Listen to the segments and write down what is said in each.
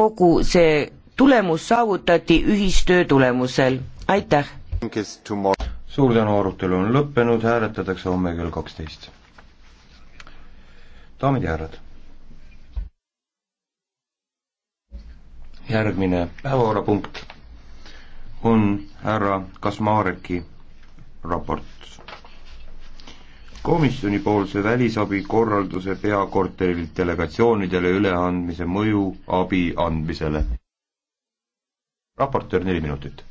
kogu see tulemus saavutati ühistöö tulemusel, aitäh! suur tänu, arutelu on lõppenud, hääletatakse homme kell kaksteist. daamid ja härrad. järgmine päevakorrapunkt on härra Kasmareki raport komisjonipoolse välisabi korralduse peakorteril delegatsioonidele üleandmise mõju abi andmisele. raportöör neli minutit.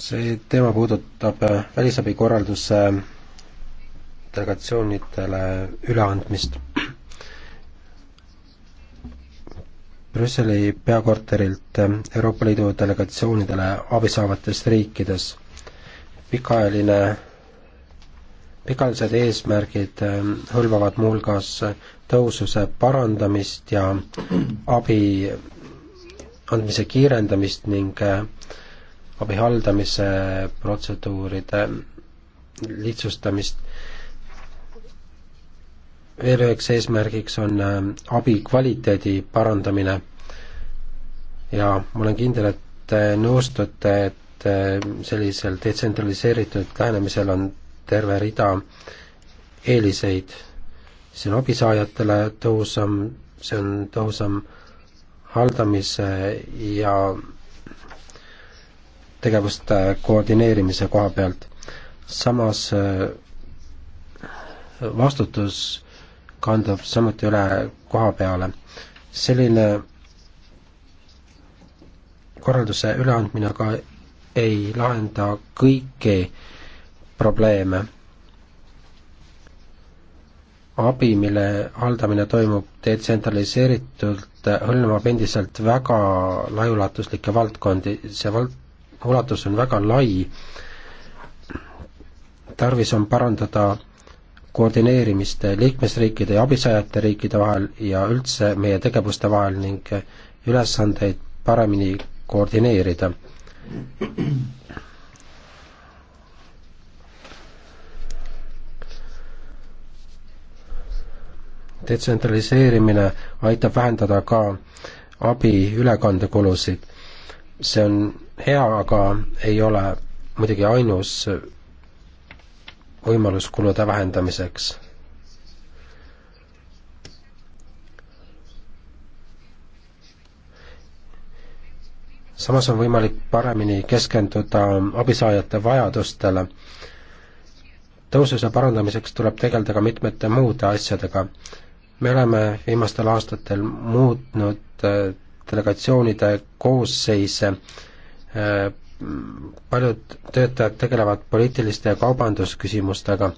see teema puudutab äh, välisabi korralduse delegatsioonidele üleandmist Brüsseli peakorterilt Euroopa Liidu delegatsioonidele abi saavates riikides. pikaajaline, pikaajalised eesmärgid ähm, hõlmavad muuhulgas tõhususe parandamist ja abi andmise kiirendamist ning äh, abi haldamise protseduuride lihtsustamist. veel üheks eesmärgiks on äh, abi kvaliteedi parandamine ja ma olen kindel, et te nõustute, et eh, sellisel detsentraliseeritud lähenemisel on terve rida eeliseid. see on abisaajatele tõhusam, see on tõhusam haldamise ja tegevuste koordineerimise koha pealt. samas eh, vastutus kandub samuti üle koha peale. selline korralduse üleandmine aga ei lahenda kõiki probleeme. abi, mille haldamine toimub detsentraliseeritult, hõlmab endiselt väga laiulatuslikke valdkondi, see vald-, ulatus on väga lai, tarvis on parandada koordineerimist liikmesriikide ja abisaajate riikide vahel ja üldse meie tegevuste vahel ning ülesandeid paremini koordineerida. detsentraliseerimine aitab vähendada ka abi ülekandekulusid. see on hea, aga ei ole muidugi ainus võimalus kulude vähendamiseks samas on võimalik paremini keskenduda abisaajate vajadustele. tõususe parandamiseks tuleb tegeleda ka mitmete muude asjadega. me oleme viimastel aastatel muutnud äh, delegatsioonide koosseise, äh, paljud töötajad tegelevad poliitiliste ja kaubandusküsimustega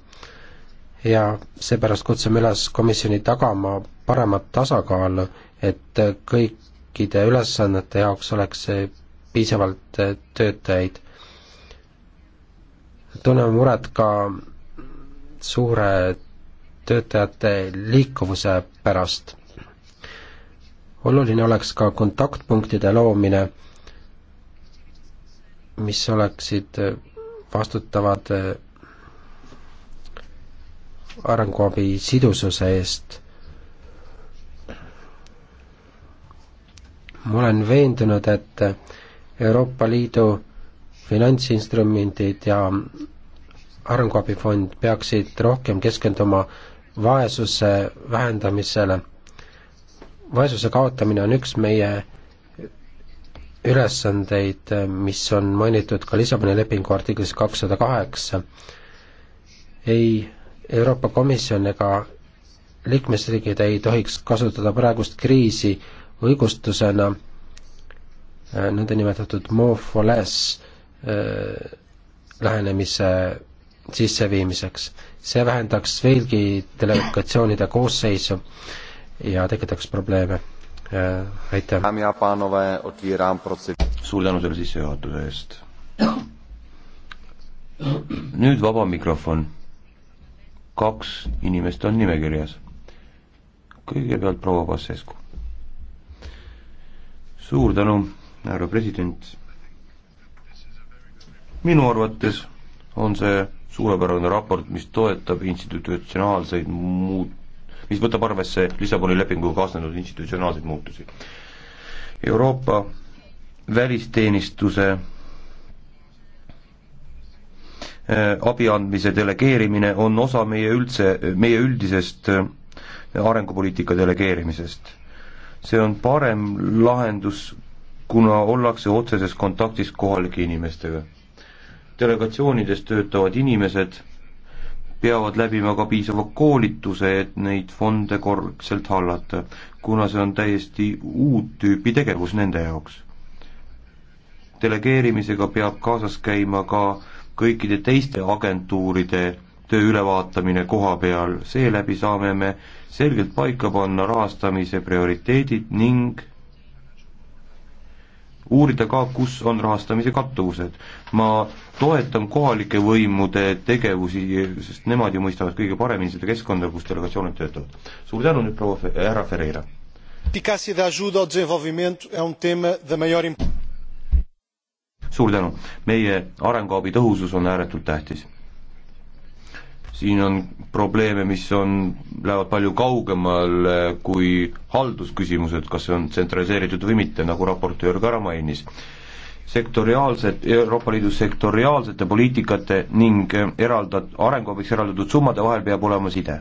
ja seepärast kutsume üles komisjoni tagama paremat tasakaalu, et kõik kõikide ülesannete jaoks oleks piisavalt eh, töötajaid. tunneme muret ka suure töötajate liikuvuse pärast. oluline oleks ka kontaktpunktide loomine, mis oleksid eh, vastutavad eh, arenguabi sidususe eest ma olen veendunud, et Euroopa Liidu finantsinstrumendid ja arenguabifond peaksid rohkem keskenduma vaesuse vähendamisele. vaesuse kaotamine on üks meie ülesandeid, mis on mainitud ka Lissaboni lepingu artiklis kakssada kaheksa. ei Euroopa Komisjon ega liikmesriigid ei tohiks kasutada praegust kriisi õigustusena äh, nõndanimetatud more for less äh, lähenemise sisseviimiseks. see vähendaks veelgi delegatsioonide koosseisu ja tekitaks probleeme. Äh, aitäh. suur tänu selle sissejuhatuse eest. nüüd vaba mikrofon. kaks inimest on nimekirjas. kõigepealt proua Vassescu suur tänu, härra president. minu arvates on see suurepärane raport, mis toetab institutsionaalseid muut-, mis võtab arvesse Lissaboni lepinguga kaasnenud institutsionaalseid muutusi. Euroopa välisteenistuse äh, abi andmise delegeerimine on osa meie üldse, meie üldisest äh, arengupoliitika delegeerimisest see on parem lahendus, kuna ollakse otseses kontaktis kohalike inimestega. delegatsioonides töötavad inimesed peavad läbima ka piisava koolituse, et neid fonde korrektselt hallata, kuna see on täiesti uut tüüpi tegevus nende jaoks. delegeerimisega peab kaasas käima ka kõikide teiste agentuuride töö ülevaatamine koha peal, seeläbi saame me selgelt paika panna rahastamise prioriteedid ning uurida ka, kus on rahastamise kattuvused. ma toetan kohalike võimude tegevusi, sest nemad ju mõistavad kõige paremini seda keskkonda, kus delegatsioonid töötavad. suur tänu nüüd proua Fe-, härra Ferreira. Um suur tänu, meie arenguabi tõhusus on ääretult tähtis siin on probleeme, mis on, lähevad palju kaugemale kui haldusküsimused, kas see on tsentraliseeritud või mitte, nagu raportöör ka ära mainis. sektoriaalsed, Euroopa Liidu sektoriaalsete poliitikate ning eraldat-, arenguabiks eraldatud summade vahel peab olema side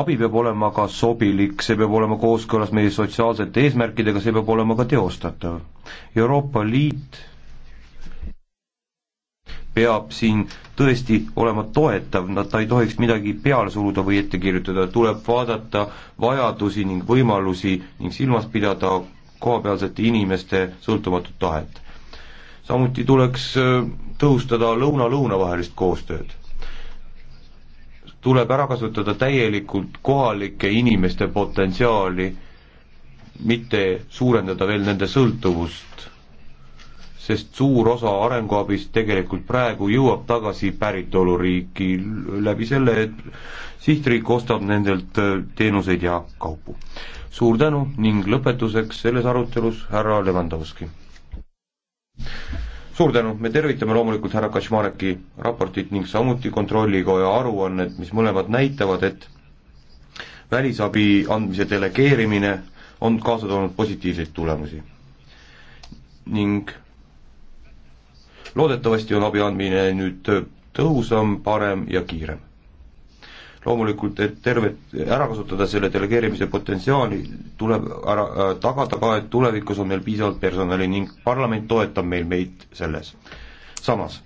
abi peab olema ka sobilik, see peab olema kooskõlas meie sotsiaalsete eesmärkidega, see peab olema ka teostatav. Euroopa Liit peab siin tõesti olema toetav, nad, ta ei tohiks midagi peale suruda või ette kirjutada, tuleb vaadata vajadusi ning võimalusi ning silmas pidada kohapealsete inimeste sõltumatut tahet. samuti tuleks äh, tõhustada lõuna-lõuna vahelist koostööd. tuleb ära kasutada täielikult kohalike inimeste potentsiaali, mitte suurendada veel nende sõltuvust sest suur osa arenguabist tegelikult praegu jõuab tagasi päritoluriiki läbi selle, et sihtriik ostab nendelt äh, teenuseid ja kaupu. suur tänu ning lõpetuseks selles arutelus härra Levandovski. suur tänu, me tervitame loomulikult härra Kašmareki raportit ning samuti Kontrollikoja aruannet, mis mõlemad näitavad, et välisabi andmise delegeerimine on kaasa toonud positiivseid tulemusi. ning loodetavasti on abi andmine nüüd tõhusam, parem ja kiirem. loomulikult, et tervet, ära kasutada selle delegeerimise potentsiaali, tuleb ära äh, tagada ka, et tulevikus on meil piisavalt personali ning parlament toetab meil meid selles. samas,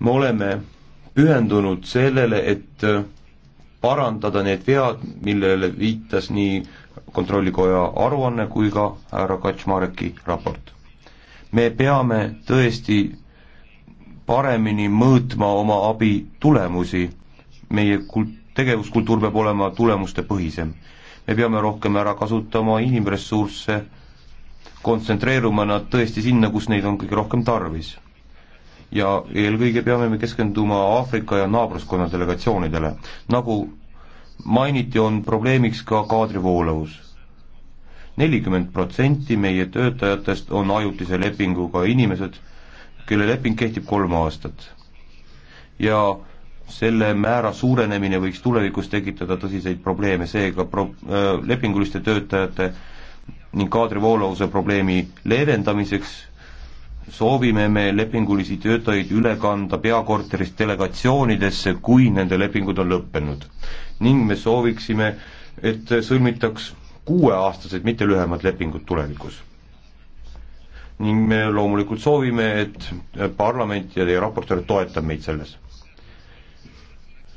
me oleme pühendunud sellele, et äh, parandada need vead, millele viitas nii kontrollikoja aruanne kui ka härra Kaczmareki raport me peame tõesti paremini mõõtma oma abi tulemusi, meie kult-, tegevuskultuur peab olema tulemustepõhisem. me peame rohkem ära kasutama inimressursse, kontsentreeruma nad tõesti sinna, kus neid on kõige rohkem tarvis. ja eelkõige peame me keskenduma Aafrika ja naabruskonna delegatsioonidele. nagu mainiti, on probleemiks ka kaadri voolavus nelikümmend protsenti meie töötajatest on ajutise lepinguga inimesed, kelle leping kehtib kolm aastat. ja selle määra suurenemine võiks tulevikus tekitada tõsiseid probleeme, seega pro-, lepinguliste töötajate ning kaadrivoolavuse probleemi leevendamiseks soovime me lepingulisi töötajaid üle kanda peakorterist delegatsioonidesse, kui nende lepingud on lõppenud. ning me sooviksime, et sõlmitaks kuueaastased, mitte lühemad lepingud tulevikus. ning me loomulikult soovime, et parlament ja teie raportöör toetab meid selles.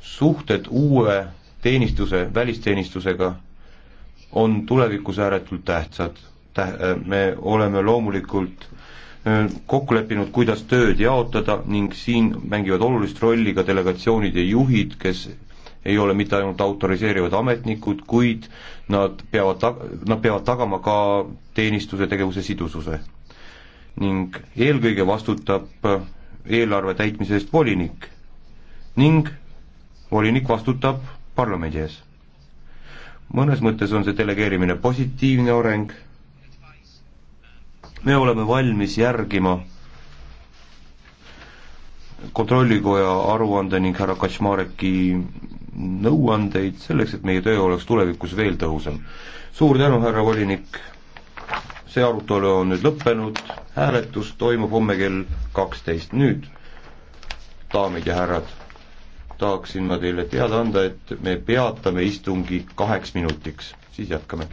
suhted uue teenistuse, välisteenistusega on tulevikus ääretult tähtsad, täh-, me oleme loomulikult kokku leppinud, kuidas tööd jaotada ning siin mängivad olulist rolli ka delegatsioonide juhid, kes ei ole mitte ainult autoriseerivad ametnikud, kuid nad peavad tag-, nad peavad tagama ka teenistuse tegevuse sidususe. ning eelkõige vastutab eelarve täitmise eest volinik ning volinik vastutab parlamendi ees. mõnes mõttes on see delegeerimine positiivne areng, me oleme valmis järgima kontrollikoja aruande ning härra Kaczmareki nõuandeid selleks, et meie töö oleks tulevikus veel tõhusam. suur tänu, härra volinik, see arutelu on nüüd lõppenud, hääletus toimub homme kell kaksteist. nüüd, daamid ja härrad, tahaksin ma teile teada anda, et me peatame istungi kaheks minutiks, siis jätkame.